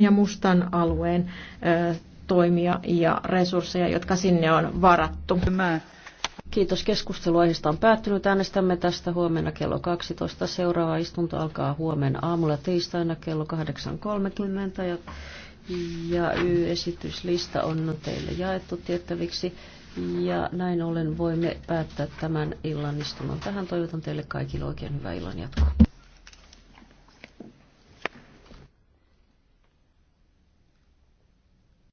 ja mustan alueen toimia ja resursseja, jotka sinne on varattu. Kiitos aiheesta on päättynyt. Äänestämme tästä huomenna kello 12. Seuraava istunto alkaa huomenna aamulla tiistaina kello 8.30 ja, ja esityslista on teille jaettu tiettäviksi. Ja näin ollen voimme päättää tämän illan istunnon. Tähän toivotan teille kaikille oikein hyvää illan jatkoa.